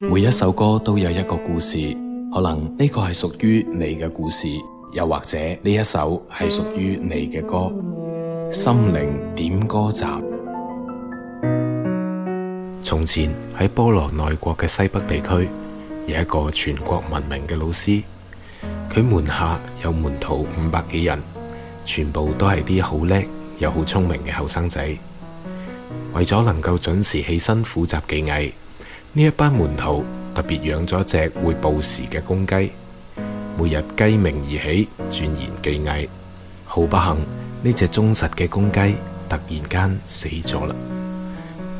每一首歌都有一個故事，可能呢個係屬於你嘅故事，又或者呢一首係屬於你嘅歌。心靈點歌站。從前喺波羅奈國嘅西北地區，有一個全國聞名嘅老師，佢門下有門徒五百幾人，全部都係啲好叻又好聰明嘅後生仔，為咗能夠準時起身苦習技藝。呢一班門徒特別養咗一隻會報時嘅公雞，每日雞鳴而起，鑽研技藝。好不幸，呢隻忠實嘅公雞突然間死咗啦。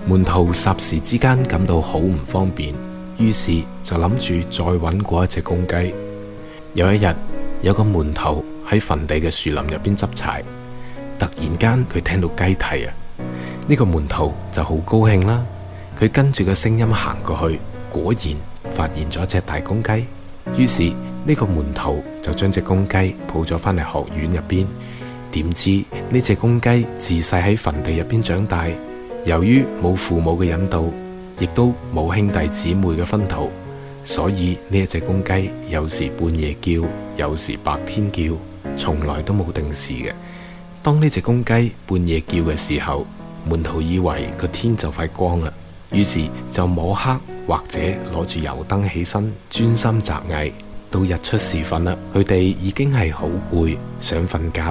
門徒霎時之間感到好唔方便，於是就諗住再揾過一隻公雞。有一日，有個門徒喺墳地嘅樹林入邊執柴，突然間佢聽到雞啼啊！呢個門徒就好高興啦。佢跟住個聲音行過去，果然發現咗隻大公雞。於是呢個門徒就將隻公雞抱咗翻嚟學院入邊。點知呢隻公雞自細喺墳地入邊長大，由於冇父母嘅引導，亦都冇兄弟姊妹嘅熏陶，所以呢一隻公雞有時半夜叫，有時白天叫，從來都冇定時嘅。當呢隻公雞半夜叫嘅時候，門徒以為個天就快光啦。於是就摸黑或者攞住油燈起身專心習藝，到日出時分啦，佢哋已經係好攰，想瞓覺，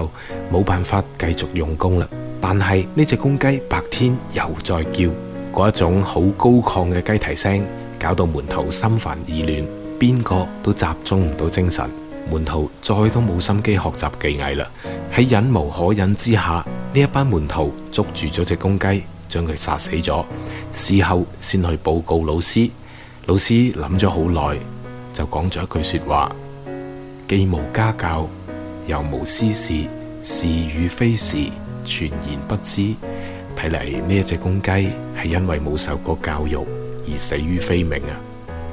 冇辦法繼續用功啦。但係呢隻公雞白天又再叫，嗰一種好高亢嘅雞啼聲，搞到門徒心煩意亂，邊個都集中唔到精神，門徒再都冇心機學習技藝啦。喺忍無可忍之下，呢一班門徒捉住咗隻公雞，將佢殺死咗，事後先去報告老師。老師諗咗好耐，就講咗一句說話：既無家教，又無私事，是與非事全然不知。睇嚟呢一隻公雞係因為冇受過教育而死於非命啊！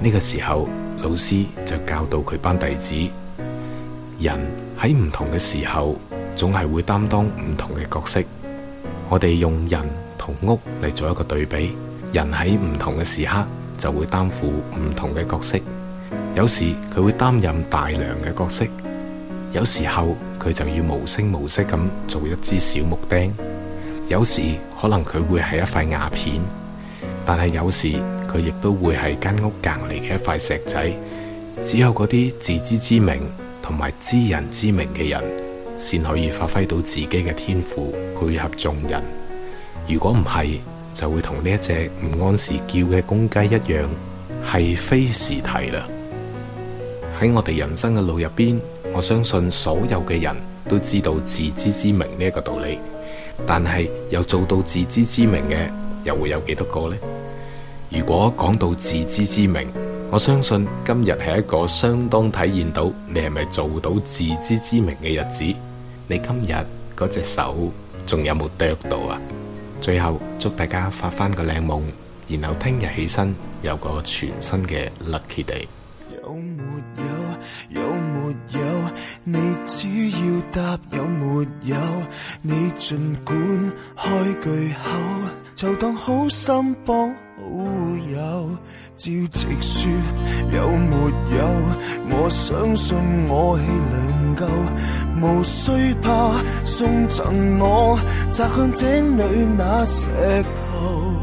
呢個時候，老師就教導佢班弟子：人喺唔同嘅時候，總係會擔當唔同嘅角色。我哋用人。同屋嚟做一個對比，人喺唔同嘅時刻就會擔負唔同嘅角色，有時佢會擔任大樑嘅角色，有時候佢就要無聲無息咁做一支小木釘，有時可能佢會係一塊瓦片，但係有時佢亦都會係間屋隔籬嘅一塊石仔。只有嗰啲自知之明同埋知人之明嘅人，先可以發揮到自己嘅天賦，配合眾人。如果唔係，就會同呢一隻唔按時叫嘅公雞一樣，係非時啼啦。喺我哋人生嘅路入邊，我相信所有嘅人都知道自知之明呢個道理，但係又做到自知之明嘅，又會有幾多個呢？如果講到自知之明，我相信今日係一個相當體現到你係咪做到自知之明嘅日子。你今日嗰隻手仲有冇剁到啊？最後祝大家發翻個靚夢，然後聽日起身有個全新嘅 lucky day。你只要答有沒有，你盡管開句口，就當好心幫好友。照直說有沒有，我相信我氣能夠，無需怕送贈我砸向井裏那石頭，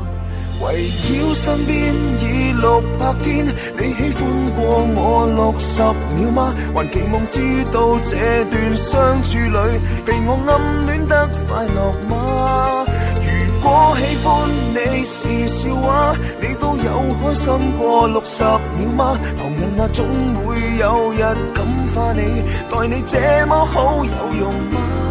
圍繞身邊已六百天，你喜歡。過我六十秒嗎？還期望知道這段相處裏，被我暗戀得快樂嗎？如果喜歡你是笑話，你都有開心過六十秒嗎？旁人話，總會有日感化你，待你這麼好有用嗎？